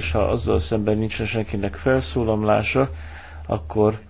és ha azzal szemben nincsen senkinek felszólamlása, akkor